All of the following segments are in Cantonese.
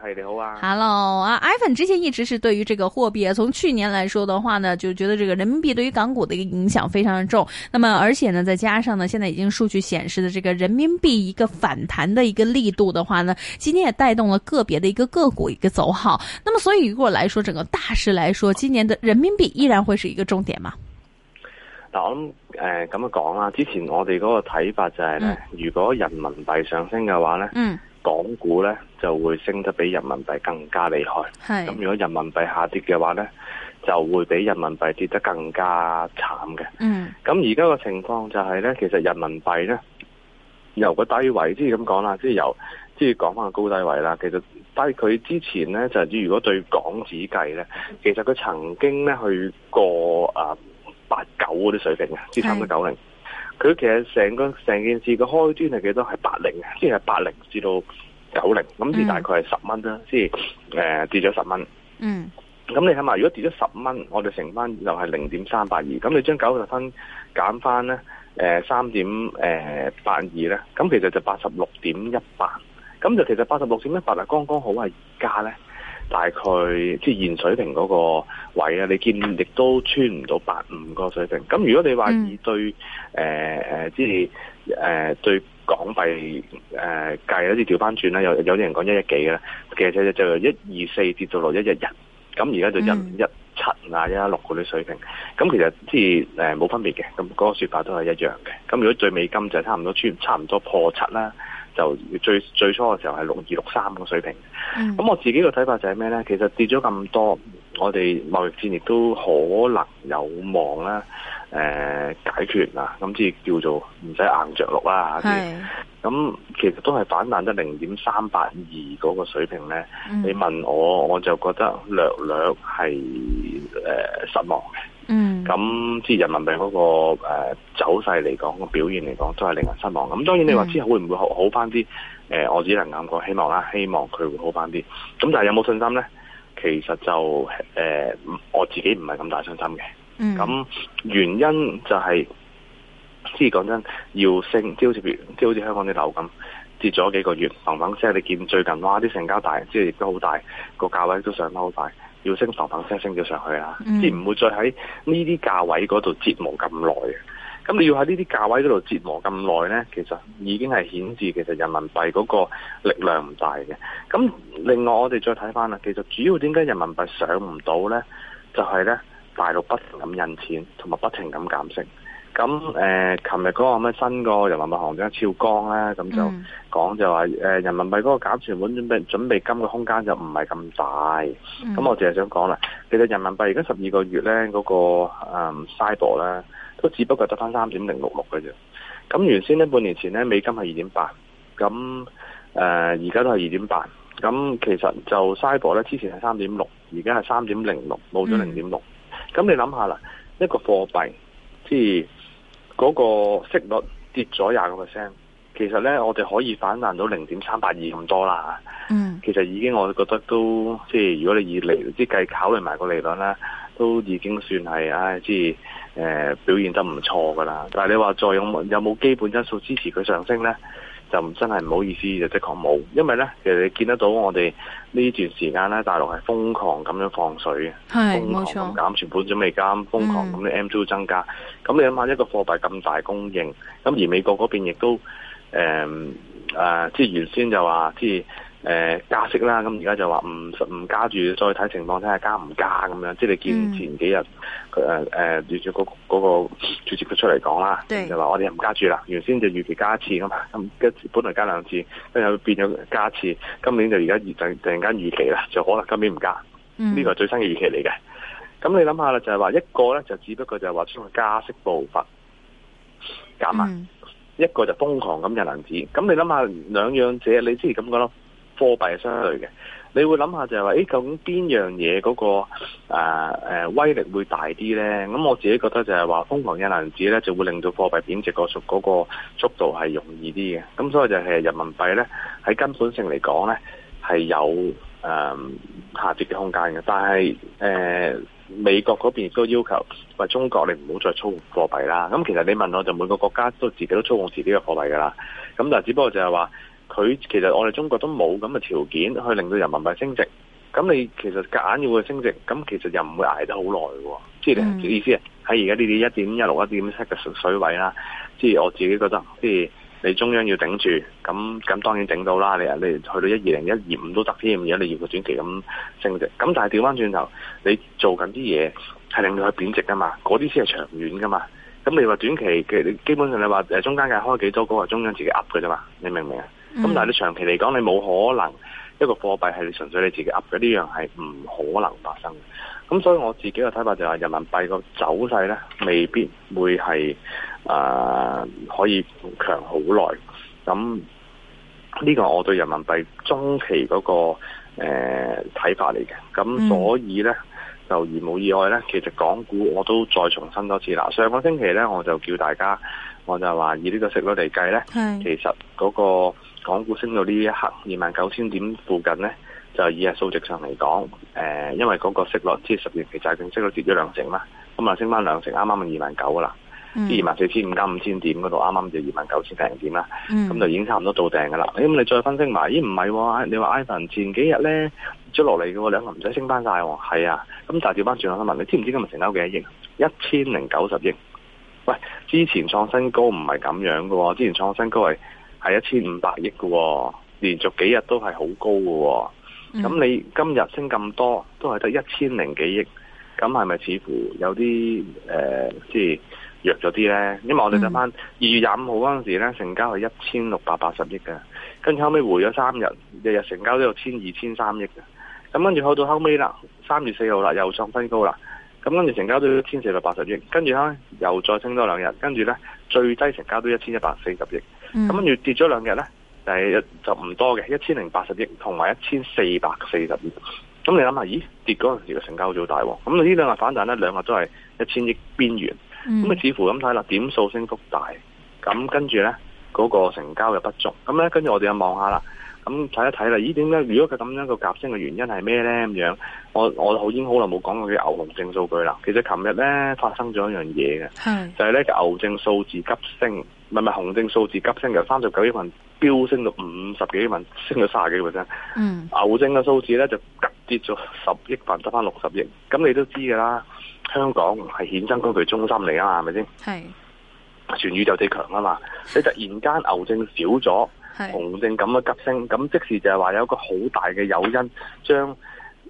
係你好啊，Hello 啊！iPhone 之前一直是對於這個貨幣，從去年來說的話呢，就覺得這個人民幣對於港股的一個影響非常重。那麼而且呢，再加上呢，現在已經數據顯示的這個人民幣一個反彈的一個力度的話呢，今天也帶動了個別的一個個股一個走好。那麼所以如果來說整個大勢來說，今年的人民幣依然會是一個重點嘛？嗱，我諗誒咁樣講啦，之前我哋嗰個睇法就係呢，如果人民幣上升嘅話呢。嗯。嗯港股咧就會升得比人民幣更加厲害，咁如果人民幣下跌嘅話咧，就會比人民幣跌得更加慘嘅。咁而家個情況就係、是、咧，其實人民幣咧由個低位，即係咁講啦，即係由即係講返個高低位啦。其實，但係佢之前咧就如果對港紙計咧，其實佢曾經咧去過啊八九嗰啲水平啊，接近咗九零。佢其實成個成件事嘅開端係幾多？係八零嘅，即係八零至到九零，咁至大概係十蚊啦，即係誒、呃、跌咗十蚊。嗯。咁你係咪？如果跌咗十蚊，我哋乘翻又係零點三八二。咁你將九十分減翻咧，誒三點誒八二咧，咁其實就八十六點一八。咁就其實八十六點一八啊，剛剛好係而家咧。大概即現水平嗰個位啊，你見亦都穿唔到八五嗰個水平。咁如果你話以對誒誒、嗯呃，即係誒、呃、對港幣誒計，好啲調翻轉啦，有有啲人講一一幾嘅，其實就就一二四跌到落一一一，咁而家就一五一七啊一、嗯、一六嗰啲水平。咁其實即係誒冇分別嘅，咁、那、嗰個説法都係一樣嘅。咁如果最美金就係差唔多穿，差唔多破七啦。就最最初嘅時候係六二六三個水平，咁、嗯、我自己嘅睇法就係咩呢？其實跌咗咁多，我哋貿易戰亦都可能有望啦，誒、呃、解決啊，咁即係叫做唔使硬着陸啦。咁其，其實都係反彈得零點三八二嗰個水平呢。嗯、你問我，我就覺得略略係誒、呃、失望嘅。咁即係人民幣嗰個走勢嚟講，個表現嚟講，都係令人失望。咁當然你話之後會唔會好好翻啲？誒、mm.，我只能講個希望啦，希望佢會好翻啲。咁但係有冇信心咧？其實就誒、呃，我自己唔係咁大信心嘅。咁、mm. 原因就係、是，即係講真，要升，即好似即好似香港啲樓咁，跌咗幾個月，猛猛聲，你見最近哇啲成交大，即係亦都好大個價位都上得好快。要升，嘭嘭聲升咗上去啦，即係唔會再喺呢啲價位嗰度折磨咁耐嘅。咁你要喺呢啲價位嗰度折磨咁耐呢，其實已經係顯示其實人民幣嗰個力量唔大嘅。咁另外我哋再睇翻啦，其實主要點解人民幣上唔到呢？就係呢大陸不停咁印錢，同埋不停咁減息。咁誒，琴日嗰個咩新個人民幣行長超江咧，咁就講就話、mm. 人民幣嗰個減存款準備準備金嘅空間就唔係咁大。咁、mm. 我淨係想講啦，其實人民幣而家十二個月咧嗰、嗰個誒 Shibor 咧，都只不過得翻三點零六六嘅啫。咁原先呢半年前咧美金係二點八，咁誒而家都係二點八。咁其實就 Shibor 咧之前係三點六，而家係三點零六，冇咗零點六。咁你諗下啦，一、一個貨幣即係。嗰、那個息率跌咗廿個 percent，其實呢，我哋可以反彈到零點三八二咁多啦。嗯，其實已經我覺得都即係如果你以嚟即計考慮埋個利率咧，都已經算係唉即係誒表現得唔錯噶啦。但係你話再有冇有冇基本因素支持佢上升呢？就真係唔好意思，就即刻冇，因為呢，其實你見得到我哋呢段時間呢，大陸係瘋狂咁樣放水嘅，瘋狂咁減存款準備金，瘋狂咁啲 M two 增加，咁、嗯、你諗下一個貨幣咁大供應，咁而美國嗰邊亦都，誒、嗯、誒、啊，即係原先就話，即係。誒、呃、加息啦，咁而家就話唔唔加住，再睇情況睇下加唔加咁樣。即係你見前幾日佢誒誒住嗰個主席佢出嚟講啦，就話我哋又唔加住啦。原先就預期加一次咁，咁本來加兩次，跟住變咗加一次。今年就而家突然突然間預期啦，就可能今年唔加。呢個係最新嘅預期嚟嘅。咁你諗下啦，就係、是、話一個咧就只不過就係話將個加息步伐減慢、嗯，一個就瘋狂咁入銀紙。咁你諗下兩樣者你之前咁嘅咯。貨幣相對嘅，你會諗下就係話，究竟邊樣嘢嗰個誒、呃呃、威力會大啲呢？咁我自己覺得就係話，瘋狂印銀紙呢就會令到貨幣貶值個速嗰個速度係容易啲嘅。咁所以就係人民幣呢，喺根本性嚟講呢，係有誒、呃、下跌嘅空間嘅。但係誒、呃、美國嗰邊都要求喂，中國你唔好再操控貨幣啦。咁其實你問我就每個國家都自己都操控自己嘅貨幣㗎啦。咁但係只不過就係話。佢其實我哋中國都冇咁嘅條件去令到人民幣升值。咁你其實夾硬要佢升值，咁其實又唔會捱得好耐喎。即、啊、係、嗯、意思啊，喺而家呢啲一點一六、一點七嘅水位啦。即係我自己覺得，即係你中央要頂住咁，咁當然頂到啦。你你去到一二零一二五都得添，而家你要個短期咁升值。咁但係調翻轉頭，你做緊啲嘢係令到佢貶值啊嘛？嗰啲先係長遠噶嘛？咁你話短期嘅，基本上你話誒中間嘅開幾多，嗰個中央自己壓嘅啫嘛？你明唔明啊？咁、嗯、但係你長期嚟講，你冇可能一個貨幣係你純粹你自己噏嘅，呢樣係唔可能發生嘅。咁所以我自己嘅睇法就係人民幣個走勢咧，未必會係啊、呃、可以強好耐。咁呢個我對人民幣中期嗰、那個睇、呃、法嚟嘅。咁所以咧、嗯、就如冇意外咧，其實港股我都再重申多次啦。上個星期咧，我就叫大家，我就話以呢個息率嚟計咧，其實嗰、那個。港股升到呢一刻二萬九千點附近咧，就以係數值上嚟講，誒、呃，因為嗰個息率即係十年期債券息率跌咗兩成啦，咁、嗯、啊、嗯、升翻兩成，啱啱二萬九啊啦，二萬四千五加五千點嗰度，啱啱就二萬九千零點啦，咁就已經差唔多到定噶啦。咁、嗯、你再分析埋，咦唔係、哦，你話 Ivan 前幾日咧跌落嚟嘅喎，兩個唔使升翻晒喎。係啊，咁但係調翻轉我問你，知唔知今日成交幾多億？一千零九十億。喂，之前創新高唔係咁樣嘅喎、哦，之前創新高係。係一千五百億嘅，連續幾日都係好高嘅、哦。咁、嗯、你今日升咁多，都係得一千零幾億。咁係咪似乎有啲誒，即、呃、係弱咗啲呢？因為我哋就翻二月廿五號嗰陣時呢，成交係一千六百八十億嘅。跟住後尾回咗三日，日日成交都有千二千三億嘅。咁跟住去到後尾啦，三月四號啦，又上新高啦。咁跟住成交都一千四百八十億，跟住呢，又再升多兩日，跟住呢，最低成交都一千一百四十億。咁跟住跌咗兩日咧，但係就唔、是、多嘅，一千零八十億同埋一千四百四十億。咁你諗下，咦？跌嗰陣時嘅成交好大喎、哦。咁呢兩日反彈咧，兩日都係一千億邊緣。咁啊，似乎咁睇啦，點數升幅大，咁跟住咧嗰個成交又不足。咁咧，跟住我哋又望下啦。咁睇一睇啦，咦？點解如果佢咁樣個夾升嘅原因係咩咧？咁樣，我我好已經好耐冇講過啲牛熊證數據啦。其實琴日咧發生咗一樣嘢嘅，就係、是、咧牛證數字急升。咪咪紅證數字急升，由三十九億份飆升到五十幾億份，升咗三十幾個 percent。Mm. 牛證嘅數字咧就急跌咗十億份，得返六十億。咁你都知㗎啦，香港係衍生工具中心嚟啊嘛，係咪先？係全宇宙最強啊嘛！你突然間牛證少咗， 紅證咁嘅急升，咁即係就係就係話有一個好大嘅誘因，將誒、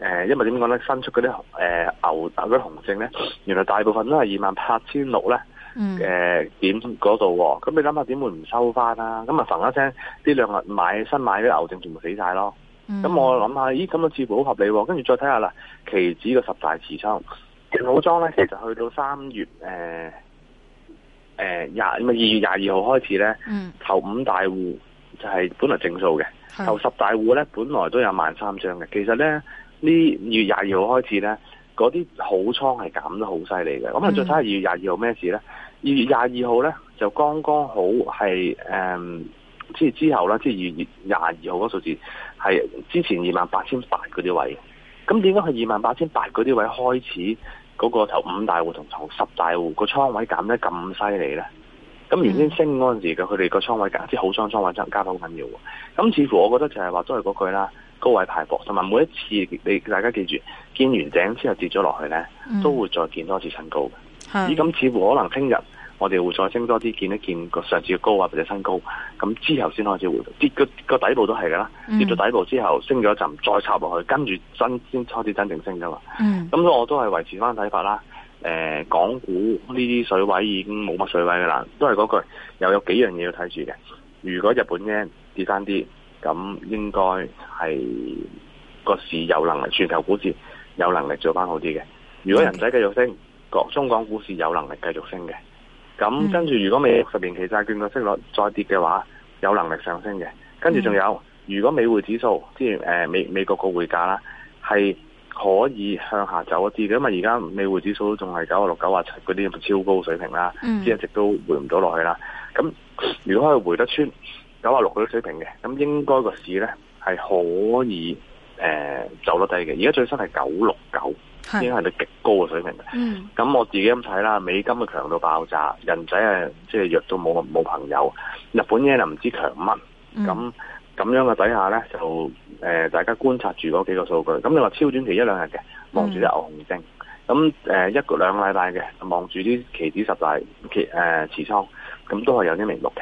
呃、因為點講咧，新出嗰啲誒牛嗰啲紅證咧，原來大部分都係二萬八千六咧。誒、mm. 呃，點嗰度？咁、哦、你諗下點會唔收翻啦？咁啊，揈一聲，呢兩日買新買啲牛證全部死晒咯。咁、mm. 嗯、我諗下，咦，咁樣似乎好合理、哦。跟住再睇下啦，期指嘅十大持倉，好裝呢，其實去到三月誒誒廿二月廿二號開始咧，頭五大戶就係本來正數嘅，mm. 頭十大戶咧本來都有萬三張嘅。其實咧呢二月廿二號開始咧。嗰啲好倉係減得好犀利嘅，咁啊再睇下二月廿二號咩事咧？二月廿二號咧就剛剛好係誒，即、嗯、係之後啦，即係二月廿二號嗰數字係之前二萬八千八嗰啲位，咁點解佢二萬八千八嗰啲位開始嗰、嗰個頭五大戶同頭十大戶個倉位減得咁犀利咧？咁原先升嗰陣時嘅佢哋個倉位，即係好倉倉位真係加好緊要喎。咁似乎我覺得就係話都係嗰句啦。高位排博，同埋每一次你大家記住，見完頂之後跌咗落去咧，都會再見多次新高嘅。咦、嗯，咁似乎可能聽日我哋會再升多啲，見一見個上次嘅高啊，或者新高，咁之後先開始回跌個底部都係噶啦，跌咗底部之後升咗一陣，再插落去，跟住真先開始真正升噶嘛。咁、嗯、所以我都係維持翻睇法啦、呃。港股呢啲水位已經冇乜水位噶啦，都係嗰句又有幾樣嘢要睇住嘅。如果日本呢跌翻啲，咁應該係個市有能力，全球股市有能力做返好啲嘅。如果人仔繼續升，中港股市有能力繼續升嘅。咁跟住，如果美十年期債券個息率再跌嘅話，有能力上升嘅。跟住仲有，如果美匯指數之前、呃、美美國個匯價啦，係可以向下走一啲嘅，因為而家美匯指數仲係九啊六九啊七嗰啲咁超高水平啦，即、嗯、一直都回唔到落去啦。咁如果可以回得穿。九啊六嗰啲水平嘅，咁應該個市咧係可以誒、呃、走得低嘅。而家最新係九六九，應該係到極高嘅水平。嗯，咁我自己咁睇啦，美金嘅強度爆炸，人仔係即係弱到冇冇朋友。日本嘢就唔知強乜，咁、嗯、咁樣嘅底下咧就誒、呃、大家觀察住嗰幾個數據。咁你話超短期一兩日嘅望住啲牛熊、嗯、證，咁、嗯呃、一個兩禮帶嘅望住啲期指十大期誒持倉，咁都係有啲微綠嘅。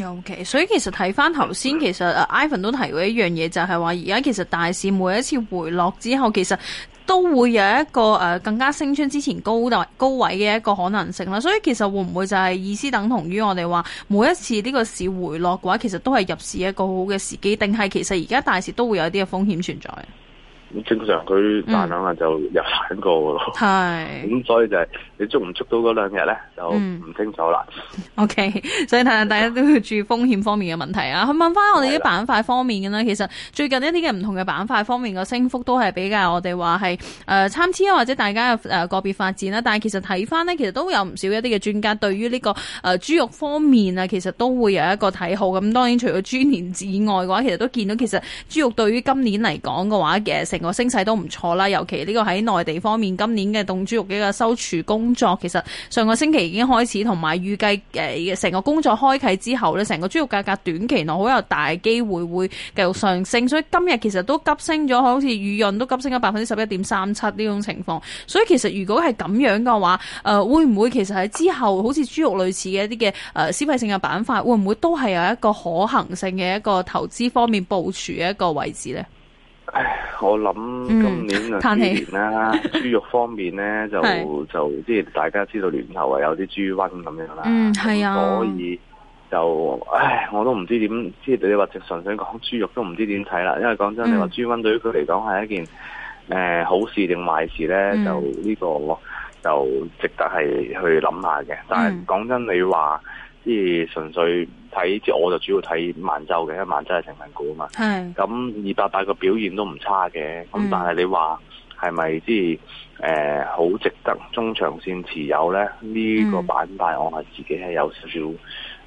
OK，所以其實睇翻頭先，其實誒 Ivan 都提過一樣嘢，就係話而家其實大市每一次回落之後，其實都會有一個誒更加升穿之前高大高位嘅一個可能性啦。所以其實會唔會就係意思等同於我哋話每一次呢個市回落嘅話，其實都係入市一個好好嘅時機，定係其實而家大市都會有啲嘅風險存在？正常佢大兩日就入行過嘅咯，係、嗯。咁所以就係你捉唔捉到嗰兩日咧、嗯，就唔清楚啦。O、okay, K，所以提醒大家都要注意風險方面嘅問題啊！去問翻我哋啲板塊方面嘅咧，其實最近一啲嘅唔同嘅板塊方面嘅升幅都係比較我哋話係誒參差或者大家誒個別發展啦。但係其實睇翻呢，其實都有唔少一啲嘅專家對於呢、這個誒、呃、豬肉方面啊，其實都會有一個睇好。咁當然除咗豬年之外嘅話，其實都見到其實豬肉對於今年嚟講嘅話嘅食。個升勢都唔錯啦，尤其呢個喺內地方面，今年嘅凍豬肉嘅個收儲工作，其實上個星期已經開始，同埋預計誒成個工作開啟之後呢，成個豬肉價格短期內好有大機會會繼續上升，所以今日其實都急升咗，好似雨潤都急升咗百分之十一點三七呢種情況。所以其實如果係咁樣嘅話，誒會唔會其實喺之後好似豬肉類似嘅一啲嘅誒消費性嘅板塊，會唔會都係有一個可行性嘅一個投資方面部署嘅一個位置呢？我諗今年啊，豬年啦， 豬肉方面咧，就就即係大家知道年頭啊有啲豬瘟咁樣啦，嗯係啊，所以就唉我都唔知點，即係你話直純粹講豬肉都唔知點睇啦。因為講真，你話豬瘟對於佢嚟講係一件誒、嗯呃、好事定壞事咧，就呢、呢個就值得係去諗下嘅。但係講真，你話即係純粹。睇即我就主要睇萬洲嘅，因為萬洲係成分股啊嘛。咁二百八個表現都唔差嘅，咁、嗯、但係你話係咪即係誒好值得中長線持有咧？呢、呢個板塊我係自己係有少少、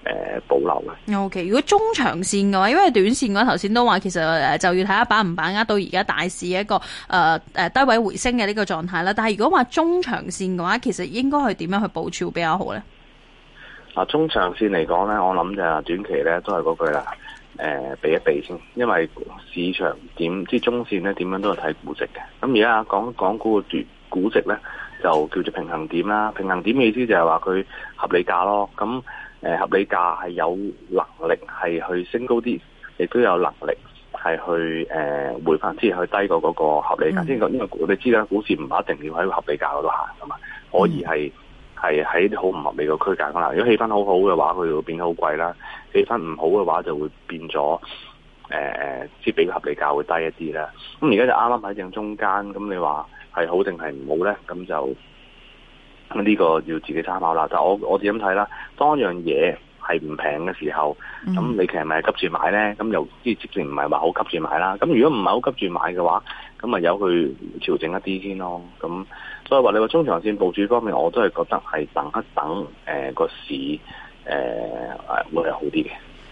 呃、保留嘅。Okay，如果中長線嘅話，因為短線嘅話，頭先都話其實就要睇下把唔把握到而家大市一個誒、呃、低位回升嘅呢個狀態啦。但係如果話中長線嘅話，其實應該去點樣去佈置比較好咧？嗱，中長線嚟講咧，我諗就係短期咧，都係嗰句啦。誒，避一避先，因為市場點即係中線咧，點樣都係睇估值嘅。咁而家講港股嘅個估值咧，就叫做平衡點啦。平衡點嘅意思就係話佢合理價咯。咁誒合理價係有能力係去升高啲，亦都有能力係去誒回翻之前去低過嗰個合理價。即係因為，你知啦，股市唔一定要喺個合理價嗰度行噶嘛，可以係。係喺好唔合理嘅區間噶啦，如果氣氛好好嘅話，佢會變得好貴啦，氣氛唔好嘅話，就會變咗誒誒，之、呃、比合理價會低一啲啦。咁而家就啱啱喺正中間，咁你話係好定係唔好咧？咁就咁呢、嗯呢個要自己參考啦。但係我我咁睇啦，當樣嘢。係唔平嘅時候，咁你其實咪急住買咧？咁又即係之前唔係話好急住買啦。咁如果唔係好急住買嘅話，咁咪由佢調整一啲先咯。咁所以話你話中長線部署方面，我都係覺得係等一等，誒、呃、個市誒誒、呃、會係好啲嘅。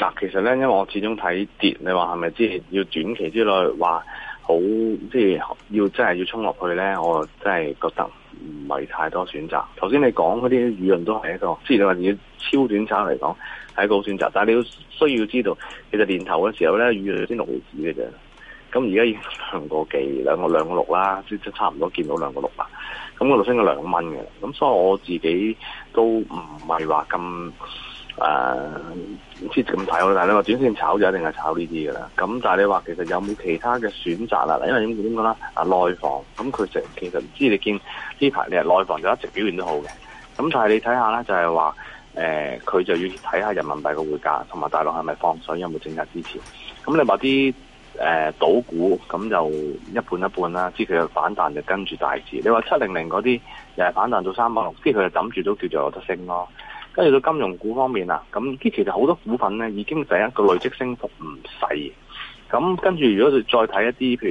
嗱，其實咧，因為我始終睇跌，你話係咪之前要短期之內話好，即係要真係要衝落去咧？我真係覺得唔係太多選擇。頭先你講嗰啲語音都係一個，即係你話要超短炒嚟講係一個選擇，但係你要需要知道其實年頭嘅時候咧，語音啲六厘嘅啫。咁而家已經兩個幾、兩個、兩個六啦，即差唔多見到兩個六啦。咁我就升咗兩蚊嘅，咁所以我自己都唔係話咁。誒、呃、唔知點睇咯，但係你話短線炒就一定係炒呢啲噶啦。咁但係你話其實有冇其他嘅選擇啊？嗱，因為點點講啦，啊內房咁佢成其實唔知你見呢排你係內房就一直表現都好嘅。咁但係你睇下咧，就係話誒佢就要睇下人民幣嘅匯價，同埋大陸係咪放水，有冇政策支持。咁你話啲誒賭股咁就一半一半啦。知佢嘅反彈就跟住大市。你話七零零嗰啲又係反彈到三百六，即係佢就揼住都叫做有得升咯、啊。去到金融股方面啊，咁即其實好多股份咧，已經第一個累積升幅唔細。咁跟住，如果你再睇一啲，譬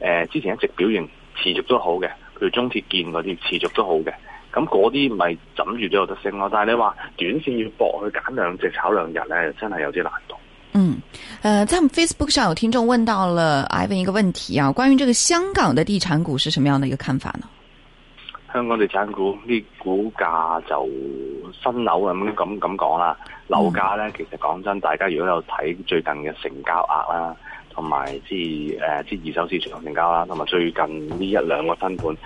如，誒之前一直表現持續都好嘅，譬如中鐵建嗰啲持續都好嘅，咁嗰啲咪枕住都有得升咯。但係你話短線要搏去揀兩隻炒兩日咧，真係有啲難度。嗯，誒，在我們 Facebook 上有聽眾問到了 Ivan 一個問題啊，關於這個香港的地產股是什麼樣的一個看法呢？香港地產股啲股價就新樓咁咁咁講啦，樓價呢，其實講真，大家如果有睇最近嘅成交額啦，同埋即係誒即二手市場成交啦，同埋最近呢一兩個新盤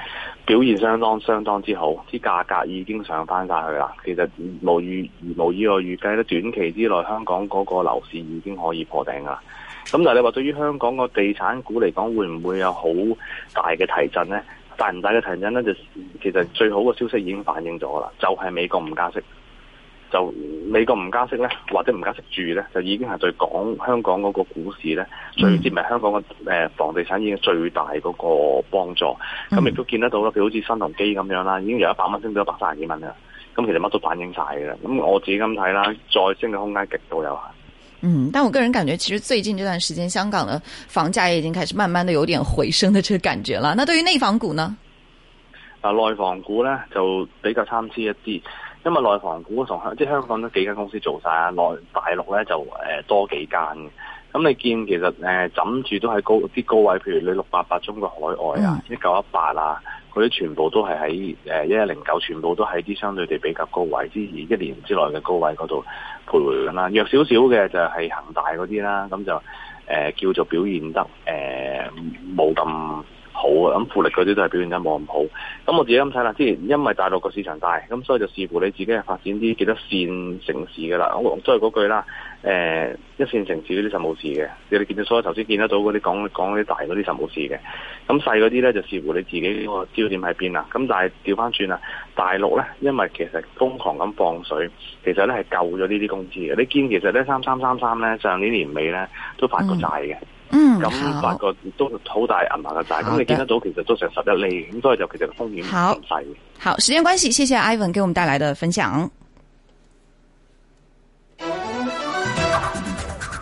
表現相當相當之好，啲價格已經上翻晒去啦。其實無意無依，我預計咧短期之內香港嗰個樓市已經可以破頂啦。咁但係你話對於香港個地產股嚟講，會唔會有好大嘅提振呢？大唔大嘅提振咧，就其實最好嘅消息已經反映咗噶啦，就係、是、美國唔加息，就美國唔加息咧，或者唔加息住咧，就已經係對港香港嗰個股市咧，最接唔係香港嘅誒房地產已經最大嗰個幫助，咁、嗯、亦、嗯、都見得到啦，譬如好似新鴻基咁樣啦，已經由一百蚊升到一百三十幾蚊啦，咁其實乜都反映晒噶啦，咁我自己咁睇啦，再升嘅空間極度有限。嗯，但我個人感覺，其實最近這段時間香港的房價也已經開始慢慢的有點回升的這個感覺啦。那對於內房股呢？啊，內房股呢就比較參差一啲，因為內房股同香即係香港都幾間公司做晒啊，內大陸呢就誒多幾間。咁你見其實誒枕住都喺高啲高位，譬如你六八八中國海外啊，一九一八啊。1918, 佢啲全部都係喺誒一一零九，呃、全部都喺啲相對地比較高位之前一,一年之內嘅高位嗰度徘徊緊啦，弱少少嘅就係恒大嗰啲啦，咁就誒、呃、叫做表現得誒冇咁，呃沒那麼好啊，咁富力嗰啲都係表現得冇咁好。咁我自己咁睇啦，之前因為大陸個市場大，咁所以就視乎你自己係發展啲幾多線城市嘅啦。所以嗰句啦，誒、欸，一線城市呢啲就冇事嘅。你見到所有頭先見得到嗰啲講講嗰啲大嗰啲就冇事嘅。咁細嗰啲咧就視乎你自己個焦點喺邊啦。咁但係掉返轉啦，大陸咧，因為其實瘋狂咁放水，其實咧係救咗呢啲公司嘅。你見其實咧三三三三咧上年年尾咧都發過債嘅。嗯咁八個都好大，銀行嘅債，咁你見得到，其實都成十一厘，咁所以就其實風險唔係咁細。好，時間關係，謝謝 Ivan 給我們帶來的分享。